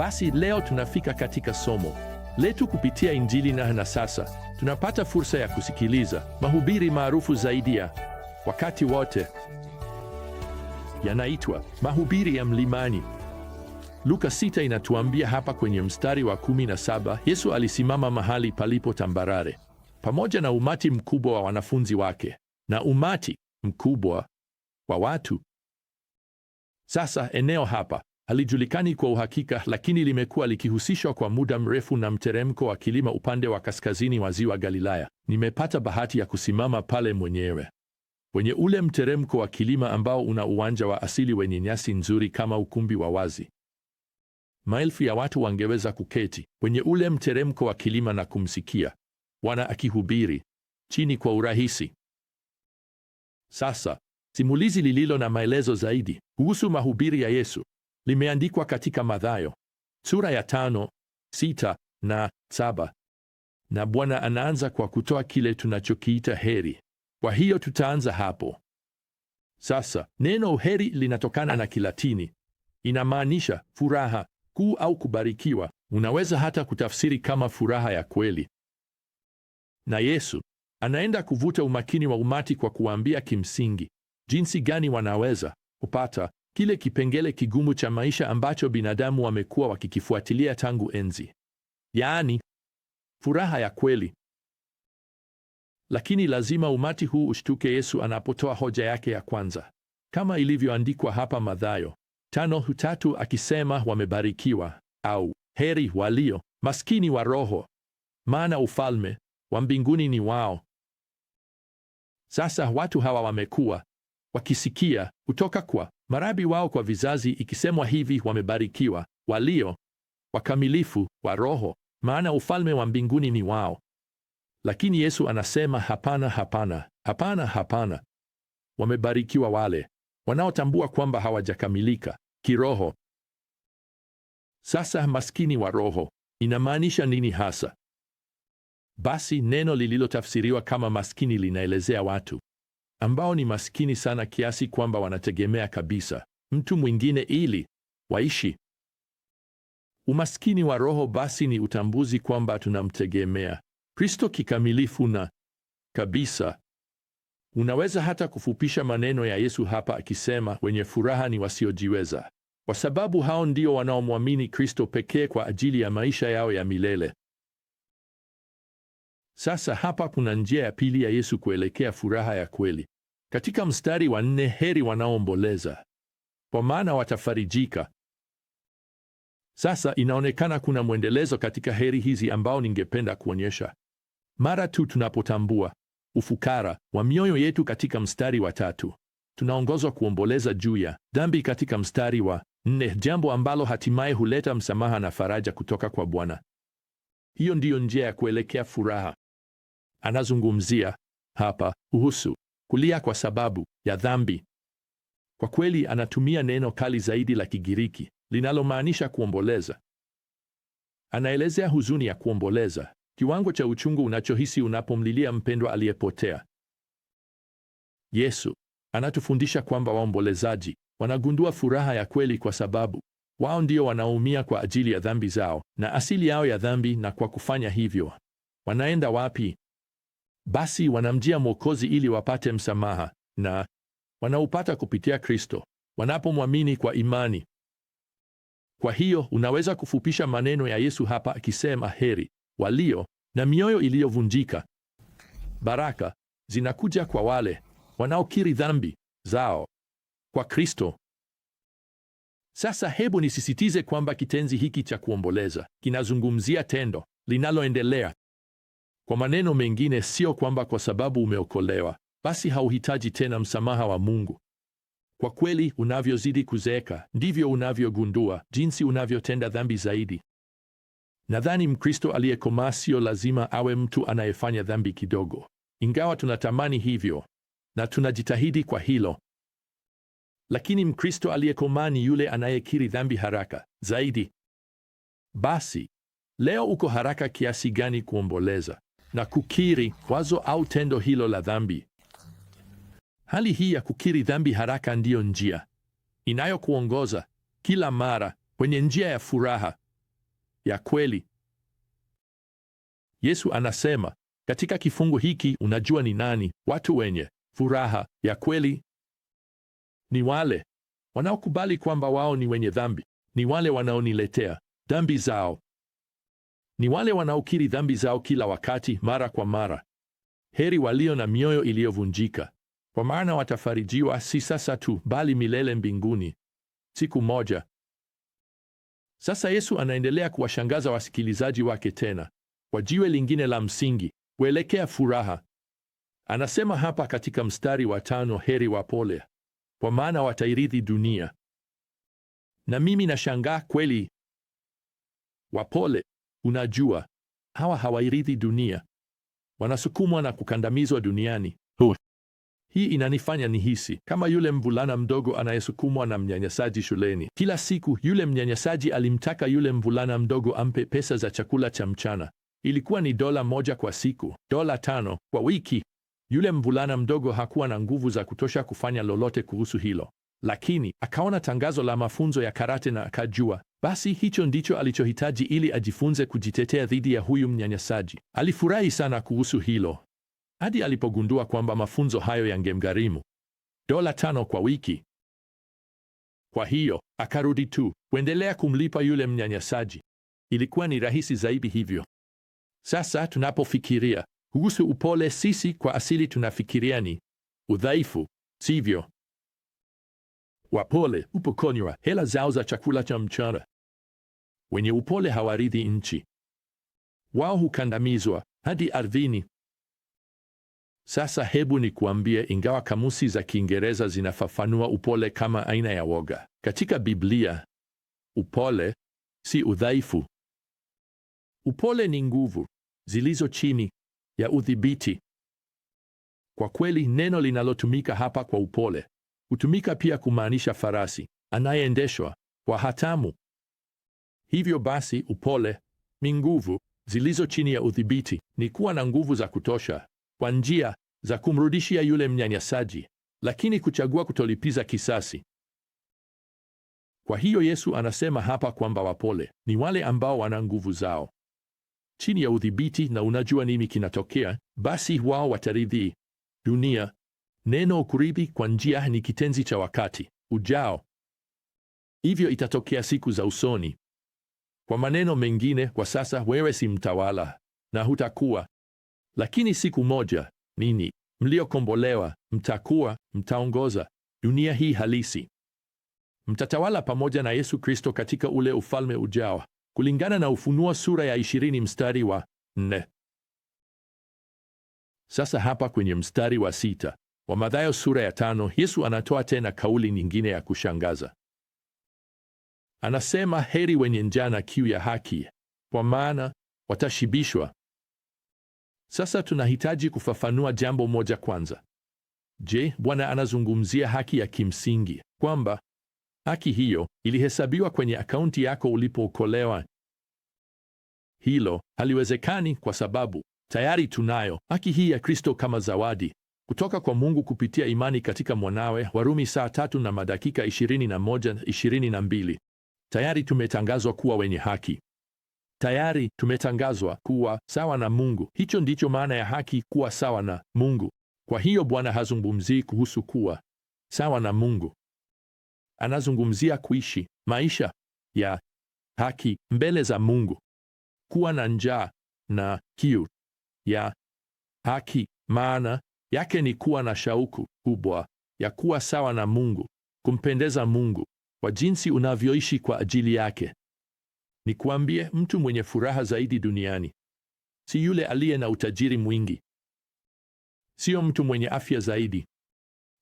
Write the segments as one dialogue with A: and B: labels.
A: Basi leo tunafika katika somo letu kupitia Injili na na sasa tunapata fursa ya kusikiliza mahubiri maarufu zaidi ya wakati wote. Yanaitwa mahubiri ya mlimani. Luka 6 inatuambia hapa kwenye mstari wa 17, Yesu alisimama mahali palipo tambarare pamoja na umati mkubwa wa wanafunzi wake na umati mkubwa wa watu. Sasa eneo hapa halijulikani kwa uhakika, lakini limekuwa likihusishwa kwa muda mrefu na mteremko wa kilima upande wa kaskazini wa ziwa Galilaya. Nimepata bahati ya kusimama pale mwenyewe kwenye ule mteremko wa kilima ambao una uwanja wa asili wenye nyasi nzuri kama ukumbi wa wazi. Maelfu ya watu wangeweza kuketi kwenye ule mteremko wa kilima na kumsikia Bwana akihubiri chini kwa urahisi. Sasa simulizi lililo na maelezo zaidi kuhusu mahubiri ya Yesu limeandikwa katika Mathayo sura ya tano, sita na saba. Na Bwana anaanza kwa kutoa kile tunachokiita heri. Kwa hiyo tutaanza hapo. Sasa neno heri linatokana na Kilatini, inamaanisha furaha kuu au kubarikiwa. Unaweza hata kutafsiri kama furaha ya kweli. Na Yesu anaenda kuvuta umakini wa umati kwa kuwaambia kimsingi jinsi gani wanaweza kupata kile kipengele kigumu cha maisha ambacho binadamu wamekuwa wakikifuatilia tangu enzi, yaani furaha ya kweli. Lakini lazima umati huu ushtuke Yesu anapotoa hoja yake ya kwanza, kama ilivyoandikwa hapa Mathayo tano hutatu akisema, wamebarikiwa au heri walio maskini wa roho, maana ufalme wa mbinguni ni wao. Sasa watu hawa wamekuwa wakisikia kutoka kwa marabi wao kwa vizazi, ikisemwa hivi, wamebarikiwa walio wakamilifu wa roho, maana ufalme wa mbinguni ni wao. Lakini Yesu anasema hapana, hapana, hapana, hapana. Wamebarikiwa wale wanaotambua kwamba hawajakamilika kiroho. Sasa maskini wa roho inamaanisha nini hasa? Basi neno lililotafsiriwa kama maskini linaelezea watu ambao ni maskini sana kiasi kwamba wanategemea kabisa mtu mwingine ili waishi. Umaskini wa roho basi ni utambuzi kwamba tunamtegemea Kristo kikamilifu na kabisa. Unaweza hata kufupisha maneno ya Yesu hapa akisema, wenye furaha ni wasiojiweza, kwa sababu hao ndio wanaomwamini Kristo pekee kwa ajili ya maisha yao ya milele. Sasa hapa kuna njia ya pili ya Yesu kuelekea furaha ya kweli katika mstari wa nne, heri wanaoomboleza kwa maana watafarijika. Sasa inaonekana kuna mwendelezo katika heri hizi ambao ningependa kuonyesha. Mara tu tunapotambua ufukara wa mioyo yetu katika mstari wa tatu, tunaongozwa kuomboleza juu ya dhambi katika mstari wa nne, jambo ambalo hatimaye huleta msamaha na faraja kutoka kwa Bwana. Hiyo ndiyo njia ya kuelekea furaha. Anazungumzia hapa uhusu kulia kwa sababu ya dhambi. Kwa kweli anatumia neno kali zaidi la Kigiriki linalomaanisha kuomboleza. Anaelezea huzuni ya kuomboleza, kiwango cha uchungu unachohisi unapomlilia mpendwa aliyepotea. Yesu anatufundisha kwamba waombolezaji wanagundua furaha ya kweli kwa sababu wao ndio wanaumia kwa ajili ya dhambi zao na asili yao ya dhambi, na kwa kufanya hivyo wanaenda wapi? basi wanamjia Mwokozi ili wapate msamaha na wanaupata kupitia Kristo wanapomwamini kwa imani. Kwa hiyo unaweza kufupisha maneno ya Yesu hapa akisema, heri walio na mioyo iliyovunjika. Baraka zinakuja kwa wale wanaokiri dhambi zao kwa Kristo. Sasa hebu nisisitize kwamba kitenzi hiki cha kuomboleza kinazungumzia tendo linaloendelea kwa maneno mengine, sio kwamba kwa sababu umeokolewa basi hauhitaji tena msamaha wa Mungu. Kwa kweli, unavyozidi kuzeeka ndivyo unavyogundua jinsi unavyotenda dhambi zaidi. Nadhani Mkristo aliyekomaa sio lazima awe mtu anayefanya dhambi kidogo, ingawa tunatamani hivyo na tunajitahidi kwa hilo. Lakini Mkristo aliyekomaa ni yule anayekiri dhambi haraka zaidi. Basi leo uko haraka kiasi gani kuomboleza? na kukiri wazo au tendo hilo la dhambi. Hali hii ya kukiri dhambi haraka ndiyo njia inayokuongoza kila mara kwenye njia ya furaha ya kweli. Yesu anasema katika kifungu hiki, unajua ni nani watu wenye furaha ya kweli? Ni wale wanaokubali kwamba wao ni wenye dhambi, ni wale wanaoniletea dhambi zao ni wale wanaokiri dhambi zao kila wakati, mara kwa mara. Heri walio na mioyo iliyovunjika, kwa maana watafarijiwa, si sasa tu, bali milele mbinguni, siku moja. Sasa Yesu anaendelea kuwashangaza wasikilizaji wake tena kwa jiwe lingine la msingi kuelekea furaha. Anasema hapa katika mstari wa tano, heri wapole, kwa maana watairithi dunia. Na mimi nashangaa kweli, wapole Unajua, hawa hawairithi dunia, wanasukumwa na kukandamizwa duniani. Huh. Hii inanifanya nihisi kama yule mvulana mdogo anayesukumwa na mnyanyasaji shuleni. Kila siku yule mnyanyasaji alimtaka yule mvulana mdogo ampe pesa za chakula cha mchana. Ilikuwa ni dola moja kwa siku, dola tano kwa wiki. Yule mvulana mdogo hakuwa na nguvu za kutosha kufanya lolote kuhusu hilo, lakini akaona tangazo la mafunzo ya karate na akajua basi hicho ndicho alichohitaji ili ajifunze kujitetea dhidi ya huyu mnyanyasaji. Alifurahi sana kuhusu hilo hadi alipogundua kwamba mafunzo hayo yangemgharimu dola tano kwa wiki. Kwa hiyo akarudi tu kuendelea kumlipa yule mnyanyasaji. Ilikuwa ni rahisi zaidi hivyo. Sasa tunapofikiria kuhusu upole, sisi kwa asili tunafikiria ni udhaifu, sivyo? Wapole hupokonywa hela zao za chakula cha mchana. Wenye upole hawarithi nchi, wao hukandamizwa hadi ardhini. Sasa hebu nikuambie, ingawa kamusi za Kiingereza zinafafanua upole kama aina ya woga, katika Biblia upole si udhaifu. Upole ni nguvu zilizo chini ya udhibiti. Kwa kweli, neno linalotumika hapa kwa upole hutumika pia kumaanisha farasi anayeendeshwa kwa hatamu. Hivyo basi, upole ni nguvu zilizo chini ya udhibiti, ni kuwa na nguvu za kutosha kwa njia za kumrudishia yule mnyanyasaji, lakini kuchagua kutolipiza kisasi. Kwa hiyo Yesu anasema hapa kwamba wapole ni wale ambao wana nguvu zao chini ya udhibiti, na unajua nini kinatokea? Basi wao wataridhi dunia Neno ukurithi kwa njia ni kitenzi cha wakati ujao, hivyo itatokea siku za usoni. Kwa maneno mengine, kwa sasa wewe si mtawala na hutakuwa, lakini siku moja nini mliokombolewa mtakuwa, mtaongoza dunia hii halisi, mtatawala pamoja na Yesu Kristo katika ule ufalme ujao, kulingana na Ufunuo sura ya 20 mstari wa 4. Sasa hapa kwenye mstari wa sita wa Mathayo sura ya tano, Yesu anatoa tena kauli nyingine ya kushangaza. Anasema, heri wenye njaa na kiu ya haki, kwa maana watashibishwa. Sasa tunahitaji kufafanua jambo moja kwanza. Je, Bwana anazungumzia haki ya kimsingi kwamba haki hiyo ilihesabiwa kwenye akaunti yako ulipookolewa? Hilo haliwezekani kwa sababu tayari tunayo haki hii ya Kristo kama zawadi kutoka kwa Mungu kupitia imani katika mwanawe, Warumi saa tatu na madakika 2122 Tayari tumetangazwa kuwa wenye haki. Tayari tumetangazwa kuwa sawa na Mungu. Hicho ndicho maana ya haki, kuwa sawa na Mungu. Kwa hiyo Bwana hazungumzii kuhusu kuwa sawa na Mungu, anazungumzia kuishi maisha ya haki mbele za Mungu, kuwa na njaa na kiu ya haki, maana yake ni kuwa na shauku kubwa ya kuwa sawa na Mungu, kumpendeza Mungu kwa jinsi unavyoishi kwa ajili yake. Nikwambie, mtu mwenye furaha zaidi duniani si yule aliye na utajiri mwingi, sio mtu mwenye afya zaidi,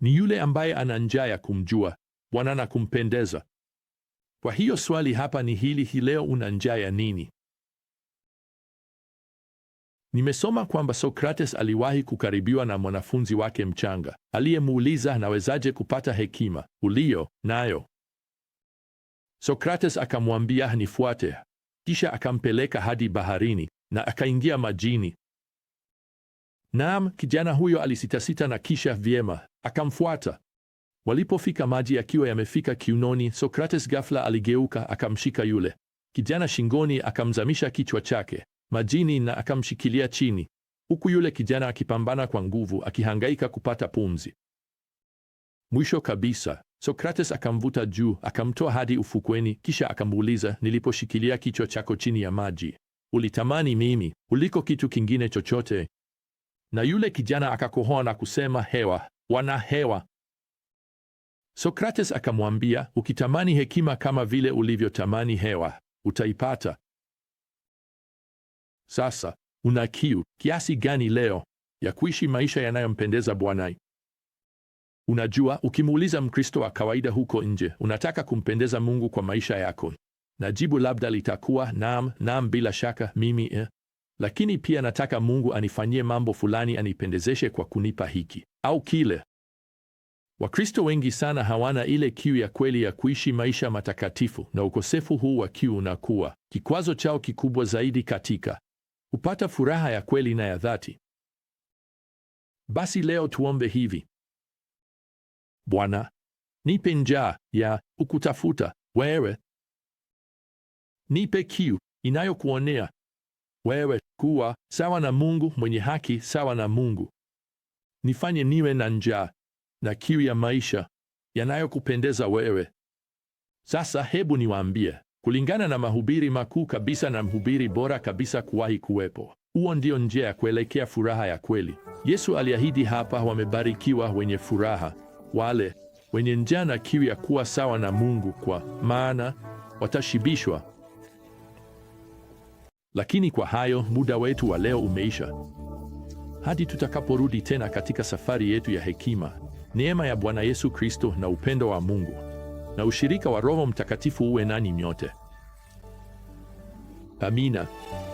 A: ni yule ambaye ana njaa ya kumjua Bwana na kumpendeza. Kwa hiyo swali hapa ni hili hii leo una njaa ya nini? Nimesoma kwamba Sokrates aliwahi kukaribiwa na mwanafunzi wake mchanga aliyemuuliza nawezaje kupata hekima uliyo nayo. Sokrates akamwambia nifuate, kisha akampeleka hadi baharini na akaingia majini. Naam, kijana huyo alisitasita na kisha vyema akamfuata. Walipofika maji akiwa yamefika kiunoni, Sokrates ghafla aligeuka akamshika yule kijana shingoni, akamzamisha kichwa chake majini na akamshikilia chini, huku yule kijana akipambana kwa nguvu, akihangaika kupata pumzi. Mwisho kabisa, Sokrates akamvuta juu, akamtoa hadi ufukweni, kisha akamuuliza, niliposhikilia kichwa chako chini ya maji, ulitamani mimi uliko kitu kingine chochote? Na yule kijana akakohoa na kusema, hewa, wana hewa. Sokrates akamwambia, ukitamani hekima kama vile ulivyotamani hewa, utaipata. Sasa una kiu kiasi gani leo ya kuishi maisha yanayompendeza Bwana? Unajua, ukimuuliza Mkristo wa kawaida huko nje, unataka kumpendeza Mungu kwa maisha yako, na jibu labda litakuwa nam nam bila shaka mimi eh, lakini pia nataka Mungu anifanyie mambo fulani, anipendezeshe kwa kunipa hiki au kile. Wakristo wengi sana hawana ile kiu ya kweli ya kuishi maisha matakatifu, na ukosefu huu wa kiu unakuwa kikwazo chao kikubwa zaidi katika hupata furaha ya kweli na ya dhati. Basi leo tuombe hivi: Bwana, nipe njaa ya ukutafuta wewe, nipe kiu inayokuonea wewe, kuwa sawa na Mungu mwenye haki, sawa na Mungu. Nifanye niwe na njaa na kiu ya maisha yanayokupendeza wewe. Sasa hebu niwaambie, kulingana na mahubiri makuu kabisa na mhubiri bora kabisa kuwahi kuwepo. Huo ndio njia ya kuelekea furaha ya kweli. Yesu aliahidi hapa, wamebarikiwa wenye furaha, wale wenye njaa na kiu ya kuwa sawa na Mungu, kwa maana watashibishwa. Lakini kwa hayo, muda wetu wa leo umeisha. Hadi tutakaporudi tena katika safari yetu ya hekima, neema ya Bwana Yesu Kristo na upendo wa Mungu na ushirika wa Roho Mtakatifu uwe nani nyote. Amina.